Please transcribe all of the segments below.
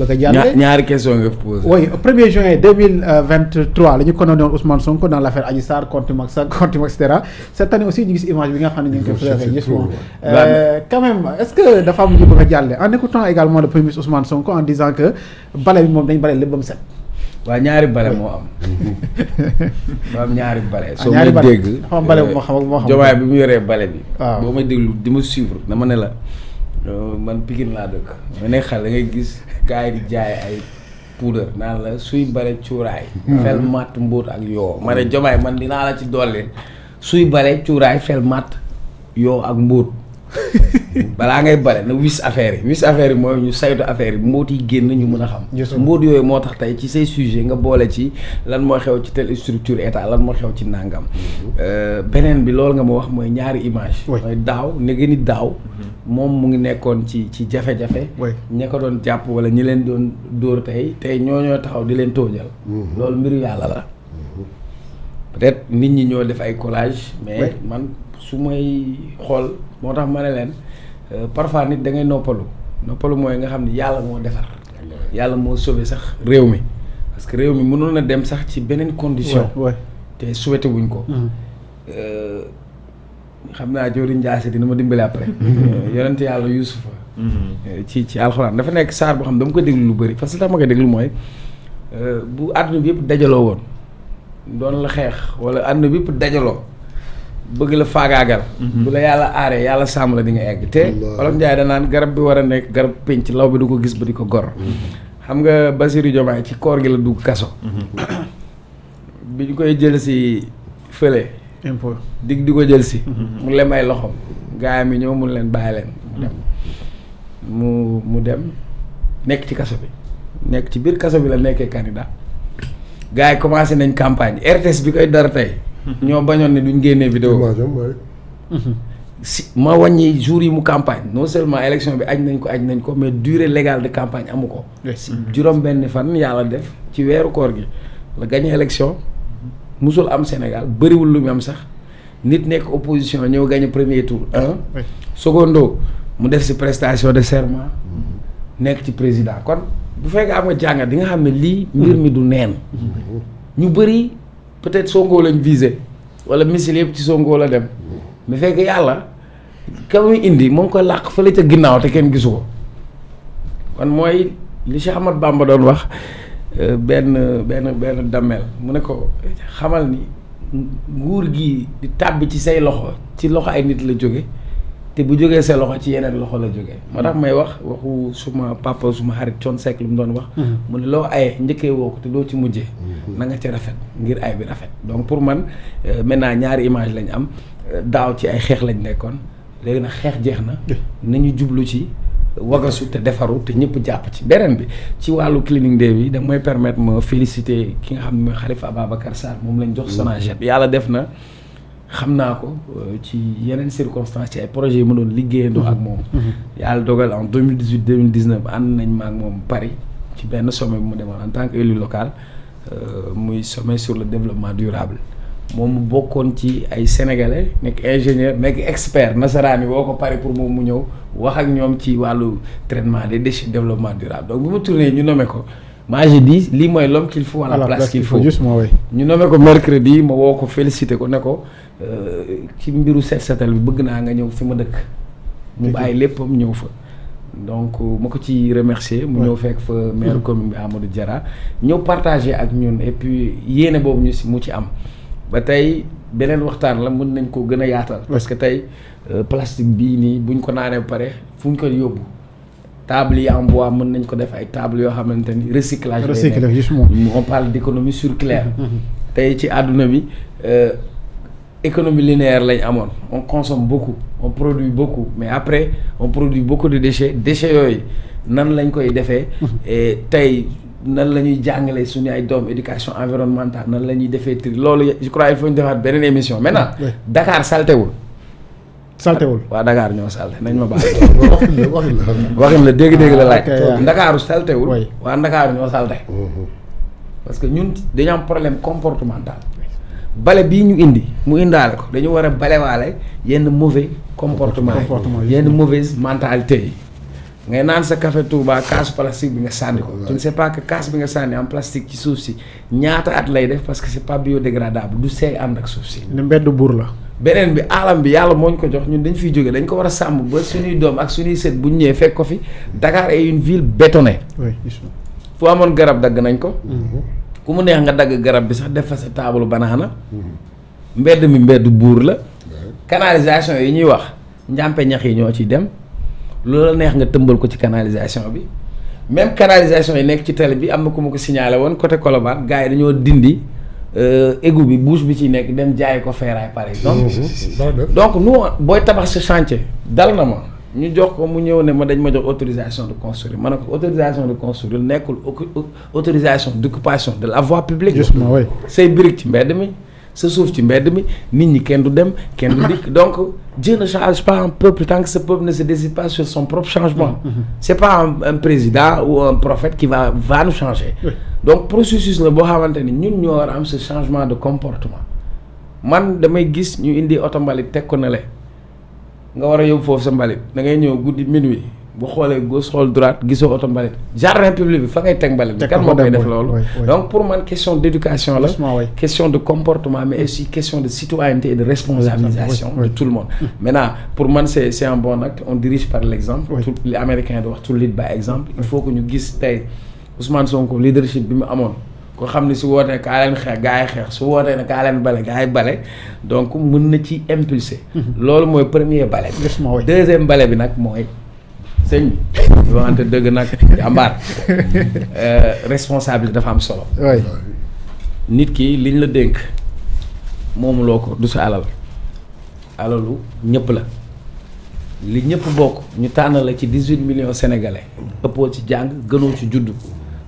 bëgg a ñaari question nga posé. oui 1er juin 2023 la ñu condamné woon Ousmane Sonko dans l' affaire Adji Sarr contre Macky Sall contre Macky et cetera cette année aussi ñu gis image bi nga xam ne ñu ngi koy moom euh, quand même est dafa am ñu bëgg a jàlle en écoutant également le premier ministre Ousmane Sonko en disant que bale bi moom dañ bale lépp ba mu set. waaw ñaari bale moo am. moo am ñaari bale. Ah, soo may dégg ñaari bale moo xam ak moo xam. jomaay ma suivre la. man Pikine laa dëkk. ma ne xale da gis gars yi di jaay ay poudre naan la suy bale cuuraay. Hmm. fel matt mbóot ak yoo. ma ne jomaay man dinaa la ci dolli suy bale cuuraay fel matt yoo ak mbóot. balaa ngay bare na wis affaire yi wis affaire yi mooy ñu saytu affaire yi mbóot yi génn ñu mën a xam mbóot yooyu moo tax tey ci say sujet nga boole ci lan moo xew ci telle structure état lan moo xew ci nàngam mhm. euh, beneen bi loolu nga ma wax mooy ñaari image mooy daaw ne gën ni daaw mhm. moom mu ngi nekkoon ci ci jafe-jafe ña ko doon jàpp wala ñi leen doon dóor tey tey ñoo ñoo taxaw di leen toojal mhm. loolu mbiru yàlla la peut nit ñi ñoo def ay collage mais man su may xool moo tax ma ne leen euh, parfois nit da ngay noppalu noppalu mooy nga xam ni yàlla moo defar. yàlla moo sauvé sax réew mi parce que réew mi mënoon na dem sax ci beneen condition. te souhaité wuñ ko. Mm-hmm. Euh, xam naa Diori Ndiassé dina ma dimbali après. Mm-hmm. Euh, yonent yàlla Yuusufa mm-hmm. ci ci alxuraan dafa nekk saar boo xam dama ko déglu lu bëri parce que tax ma ko déglu mooy bu àdduna bi yëpp dajaloo woon doon la xeex wala àdduna bi yëpp dajaloo. bëgg la faagaagal. Mhm. bu la yàlla aaree yàlla sàmm la di nga egg te. olof Njaay da naan garab bi war a nekk garab pénc law bi du ko gis ba di ko gor. Mhm. xam nga Bassirou Diomaye ci koor gi la dugg kaso. Mhm. bi ñu koy jël si fële. impôt dig di ko jël si. mu lem ay loxo gaayam yi ñëw mun leen bàyyi leen. mu dem mu mu dem nekk ci kaso bi. nekk ci biir kaso bi la nekkee candidat. gars yi commencé nañ campagne RTS bi koy dara tey. Mhm. ñoo bañoon ne duñ génnee vidéo mhm. si ma wàññi jour yi mu campagne non seulement élection bi añ nañ ko añ nañ ko mais durée légale de campagne amu ko si juróom benn fan yàlla def ci weeru koor gi la gagné élection mhm. musul am Sénégal bëriwul lu mu am sax nit nekk opposition ñëw gagné premier tour un secondo mu def si prestation de serment nekk ci président kon bu fekk am nga jàngat di nga xam ne lii mbir mi du neen ñu bëri peut-être Sonko lañ visé wala missile yëpp ci Sonko la dem bu fekk yàlla ka muy indi moo ko làq fële ca ginnaaw te kenn gisu ko kon mooy li Cheikh Ahmad Bamba doon wax euh, benn benn benn dammel mu ne ko xamal ni nguur gi di tàbbi ci say loxo ci loxo ay nit la jóge te bu jógee sa loxo ci yeneen loxo la jóge moo tax may wax waxu suma papa suma xarit Thione lu mu doon wax. Mm-hmm. mu ne loo aye njëkkee woo ko te doo ci mujjee. Mm-hmm. na nga rafet ngir ay bi rafet. donc pour man euh, maintenant ñaari image lañ am daaw ci ay xeex lañ nekkoon léegi nag xeex jeex na nañu jublu ci. wagasu te defaru te ñëpp jàpp ci beneen bi ci wàllu cleaning day bi mooy permettre ma féliciter ki nga xam ne mooy Khalifa Ababacar Sall moom lañ jox mm-hmm. Sonaged yàlla def na. xam naa ko euh, ci yeneen circonstances ci ay projets yi ma doon liggéeyandoo ak moom. Mhm. Mhm. yàlla dogal en deux mille dix huit deux mille dix neuf ànd nañ ma ak moom Paris ci benn sommet bu mu demoon en tant que élu local euh, muy sommet sur le développement durable moom mu bokkoon ci ay sénégalais nekk ingénieur nekk expert nasaraan yi woo ko Paris pour moom mu ñëw wax ak ñoom ci wàllu traitement des déchets développement durable donc bu ma tourné ñu nome ko. moi je lii mooy l'homme qu'il faut à la ñu qu'il faut ñu nommé ko mercredi ma woo ko félicité ko ne ko euh, ci mbiru set setal bi bëgg naa nga ñëw fi ma dëkk mu bàyyi léppam ñëw fa donc euh, ma ko ci remercier mu ñëw fekk fa maire mm-hmm. commune bi Amadou Diarra ñëw partagé ak ñun et puis yéene boobu ñu si mu ci am ba tey beneen waxtaan la mën nañ koo gën a yaatal parce que tey euh, plastique bii nii buñ ko naanee ba pare fu ñu ko yóbbu table yi en bois mën nañ ko def ay table yoo xamante ni recyclage. recyclage justement on parle d' économie circulaire. Mm-hmm. Mm-hmm. tey ci àdduna bi euh, économie linéaire lañ amoon on consomme beaucoup on produit beaucoup mais après on produit beaucoup de déchets déchets yooyu nan lañ koy defee. Mm-hmm. tey nan la ñuy jàngalee suñu ay doom éducation environnementale nan la ñuy defee tri loolu je crois foo ñu defaat beneen émission maintenant. Dakar saltewul saltewul waa Dakar ñoo salte nañ ma baal. waxin waxin la dégg-dégg la laaj. ndakaaru saltewul waa ndakaaru ñoo salte mhm. parce que ñun dañu am problème comportemental. bale bii ñu indi mu indaale ko dañu war a balewaale yenn mauvais comportement yi yenn mauvaise mentalité yi. ngay naan sa café Touba kaas plastique bi nga sànni ko. tu ne sais pas bi nga sànni en plastique ci suuf si ñaata at lay def parce que c'est pas biodégradable du seey ànd ak suuf si. ne mbedd buur la. beneen bi alam bi yàlla moo ñu ko jox ñun dañ fi jóge dañ ko war a sàmm ba suñuy doom ak suñuy sët bu ñu ñëwee fekk ko fi dakaar est une ville bétonnée. fu amoon garab dagg nañ ko. Mhm. ku mu neex nga dagg garab bi sax def fa sa taabalu banaana. Mhm. mbedd mi mbedd buur la. canalisation yi ñuy wax njàmpe ñax yi ñoo ciy dem loola neex nga tëmbal ko ci canalisation bi même canalisation yi nekk ci tali bi am na ku ma ko signalé woon côté Colobane gars yi dañoo dindi. Euh, égout bi bouche bi ci nekk dem jaay ko ferraille pare donc mhm. donc nous booy tabax sa chantier dal na ma ñu jox ko mu ñëw ne ma dañ ma jox autorisation de construire man ne ko autorisation de construire nekkul autorisation d' occupation de la voie publique. justement say briques ci mbedd mi. sa suuf ci mbedd mi nit ñi kenn du dem kenn du dikk donc Dieu ne change pas un peuple tant que ce peuple ne se décide pas sur son propre changement mm-hmm. Mm-hmm. c'est pas un, un président ou un prophète qui va va nous changer donc processus la boo xamante ni ñun ñoo war a am ce changement de comportement man damay gis ñu indi oto mbalit teg ko na le nga war a yóbbu foofu sa mbalit da ngay ñëw guddi minuit bu xoolee gauche xool droite gisoo oto mbalit jardin bi fa ngay teg mbalit bi kan moo koy def loolu donc pour man question d'éducation la question de comportement mais aussi question de citoyenneté et de responsabilisation de tout le monde mm. maintenant pour man c'est c'est un bon acte on dirige par l'exemple tout les di wax tout lead by exemple il faut que ñu gis tey Ousmane Sonko leadership bi mu amoon ko xam ne su wootee kaa leen xeex gaa yi xeex su wootee ne kaa leen bale gaa yi bale donc mën mm-hmm. loolu mooy premier bale bi deuxième bale bi nag mooy sëñ bi ñu waxante dëgg nag jàmbaar euh, responsabilité dafa am solo. nit ki liñ la dénk moomuloo ko du sa alal alalu ñëpp la li ñëpp bokk ñu tànn la ci dix-huit millions sénégalais ëppoo ci jàng gënoo ci juddu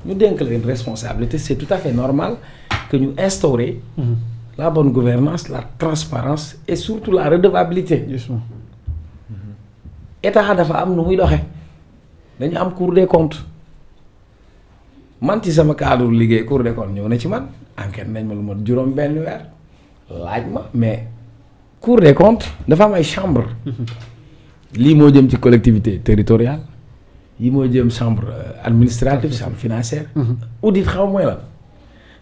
ñu dénk la une responsabilité c'est tout à fait normal que ñu instaurer mm-hmm. la bonne gouvernance la transparence et surtout la redevabilité. état dafa am nu muy doxe dañu am cour des comptes man ci sama cadre liggéey cour des comptes ñëw na ci man enquête nañ ma lu ma juróom benn weer laaj ma mais cour des comptes dafa am ay chambre lii moo jëm ci collectivité territoriale yi moo jëm chambre euh, administrative chambre financière mhm. audit xaw mooy lan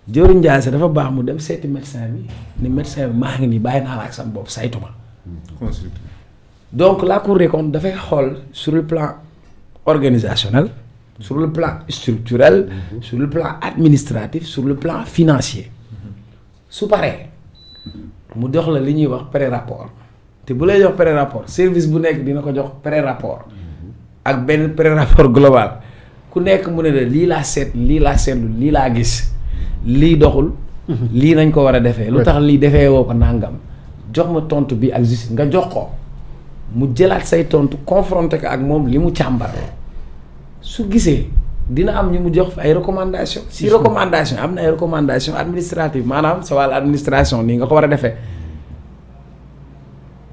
Diori Ndiaye dafa baax mu dem seeti médecin bi ni médecin bi maa ngi nii bàyyi naa la ak sama bopp saytu ma donc la Cour des comptes dafay xool sur le plan organisationnel sur le plan structurel mmh. sur le plan administratif sur le plan financier mhm. su paree mu dox la li ñuy wax pré-rapport te bu lay jox pré-rapport service bu nekk dina ko jox pré-rapport mhm. ak benn pré-rapport global ku nekk mu ne la lii laa seet lii laa seetlu lii laa gis lii doxul mhm. lii nañ ko war a defee lu tax lii defee woo ko nangam jox ma tontu bi ak justice nga jox ko mu jëlaat say tontu confronté ko ak moom li mu càmbar su gisee dina am ñu mu jox ay recommandation si recommandation am na ay recommandation administrative maanaam sa wàll administration ni nga ko war a defee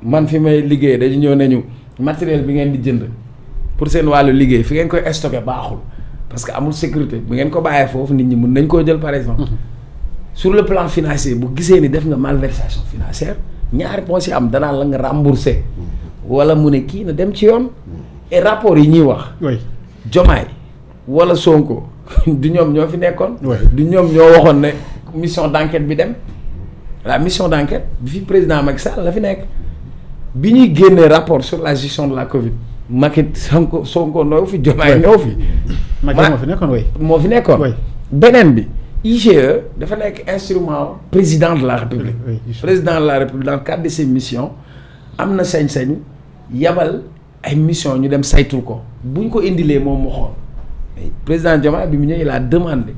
man fi may liggéey dañu ñëw ne ñu matériel bi ngeen di jënd pour seen wàllu liggéey fi ngeen koy stocké baaxul parce que amul sécurité bu ngeen ko bàyyee foofu nit ñi mun nañ koo jël par exemple mhm. sur le plan financier bu gisee ni def nga malversation financière ñaari points yi am danaa la nga remboursé mhm. wala mu ne kii na dem ci yoon et rapport yi ñuy wax Jomaay wala Sonko du ñoom ñoo fi nekkoon du ñoom ñoo waxoon ne mission d'enquête bi dem la mission d'enquête bi fi président Macky Sall la fi nekk bi ñuy génnee rapport sur la gestion de la Covid Macky Sonko Sonko noo fi Jomaay ñoo fi Macky moo fi nekkoon moo fi nekkoon beneen bi IGE dafa nekk instrument président de la République e. président de la République dans le cadre de ses am na sañ-sañu yabal ay mission ñu dem saytul ko bu ñu ko indilee moom mu xool président Diomaye bi mu ñëwee la demande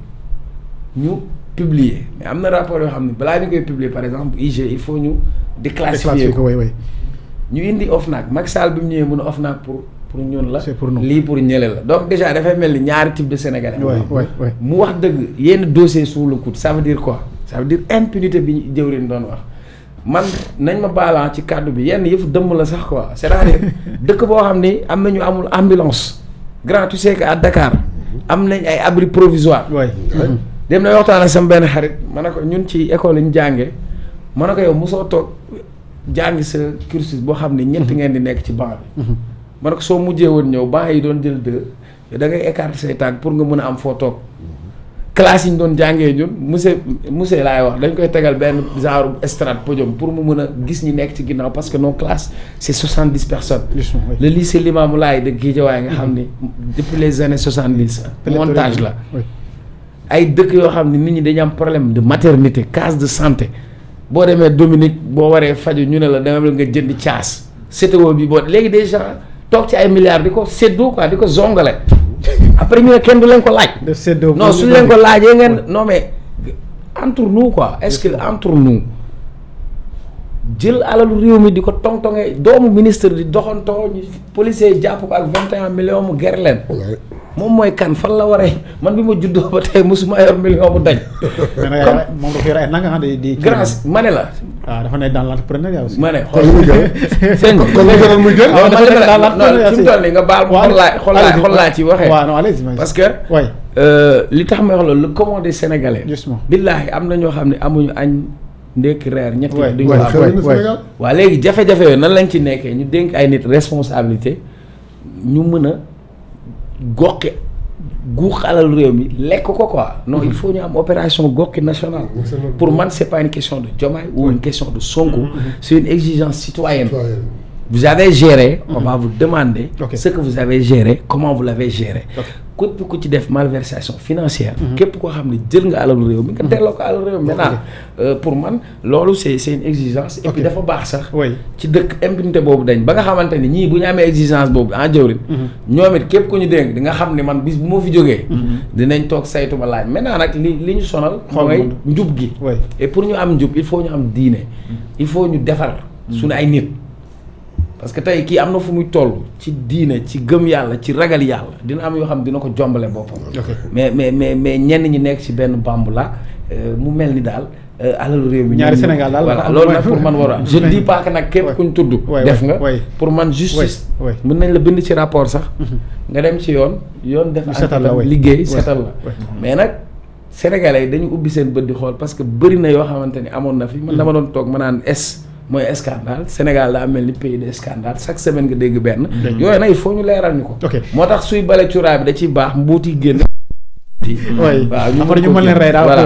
ñu publier mais am na rapport yoo xam ne balaa ñu koy publier par exemple IG il faut ñu déclassifier ko ñu indi OFNAC Macky Sall bi mu ñëwee mun a OFNAC pour pour ñun la lii pour ñële la donc déjà dafay mel ni ñaari type de sénégalais mu wax dëgg yenn dossier sous le coude ça veut dire quoi ça veut dire impunité bi jëwrin doon wax man nañ ma baalaan ci kàddu bi yenn yëfu dëmm la sax quoi c'est-à-dire dëkk boo xam ni am na ñu amul ambulance grand tu que à Dakar am nañ ay abri provisoire dem na waxtaan ak sama benn xarit man ne ko ñun ci école yi ñu jànge ma a ko yow mosoo toog jàngi sa cursus boo xam ne ñett mhm. ngeen di nekk ci banc bi mhm. ma a ko soo mujjee woon ñëw baax yi doon jël deux da ngay écarter say tànk pour nga mën a am foo toog mhm. classe yi ñu doon jàngee ñun monsieur monsieur laay wax dañ koy tegal benn genre estrade podium pour mu mën a gis ñi nekk ci ginnaaw parce que nos classes c' est soixante dix personnes. le lycée Limamou Laye de Guédiawaye nga xam ni depuis les années soixante dix. montage la ay dëkk yoo xam ne nit ñi dañu am problème de maternité case de santé boo demee Dominique boo waree faju ñu ne la demal nga jënd caas. CTO bi boo léegi déjà toog ci ay milliards di ko séddoo quoi di ko zongale. après ñu kenn du leen ko laaj. noo su leen ko laajee ngeen non mais entre nous ko est que entre nous. jël alalu réew mi di ko tong-tongee doomu ministre di doxantoo ñu policier jàpp ko ak vingt et mu ger leen moom mooy kan fan la waree man bi ma juddoo ba tey mosuma yor million bu daj. comme moom dafa yor ay nanga ah, xam ne di. grâce ma ne la. waaw ah, dafa nekk dans ma ne xool muy jël. sëñ bi kon léegi nag muy jël. Ah, dafa nekk dans l'entrepreneuriat fi mu toll nga baal ma. xool laa xool laa ci waxee. waaw parce que. waay euh, li tax may wax loolu le commandé sénégalais. justement billaahi am na ñoo xam ne amuñu añ. ndékki reer ñetti duñ ko am waaw léegi jafe-jafe yooyu nan lañ ci nekkee ñu dénk ay nit responsabilité ñu mën a goqi guux xalalu réew mi lekk ko quoi non il faut ñu am opération goqi national pour man c'est pas une question de Diomaye ou une question de Sonko mm-hmm. c'est une exigence citoyenne vous avez géré on va mm-hmm. vous demander ce que vous avez géré comment vous géré képp ku ci def malversation financière. Mhm. képp koo xam ne jël nga alalu réew mi nga mhm. delloo ko alalu réew mi. maintenant euh, pour man loolu c' est c' est une exigence. et puis dafa baax sax. ci dëkk impunité boobu dañ ba nga xamante ni ñii bu ñu amee exigence boobu en jëwrin mhm. ñoom it képp ku ñu dénk di nga xam ne man bis bu ma fi jógee. dinañ toog saytu ba laaj maintenant nag li li ñu sonal. mooy njub gi. et pour ñu am njub il faut ñu am diine. il faut ñu defar suñu ay nit. parce que tey kii am na fu muy toll ci diine ci gëm yàlla ci ragal yàlla dina am yoo xam ne dina ko jombale boppam. mais mais mais mais ñenn ñi nekk ci benn bambu la euh, mu mel ni daal. Euh, alalu réew mi ñaari Sénégal daal voilà loolu nag pour man war a am je ne dis pas que nag képp kuñ tudd. def nga pour man justice. mën nañ la bind ci rapport sax. Mhm. nga dem ci yoon. yoon def ak liggéey setal la mhm. mais nag sénégalais dañu ubbi seen bët di xool parce que bëri na yoo xamante ni amoon na fi man dama doon toog ma naan mooy scandale Sénégal daa mel ni pays de scandale chaque semaine nga dégg benn. yooyu nag il ñu leeral ñu ko. moo tax suy bale cuuraay bi da ciy baax mbuuti génn. waaw ñu mën ko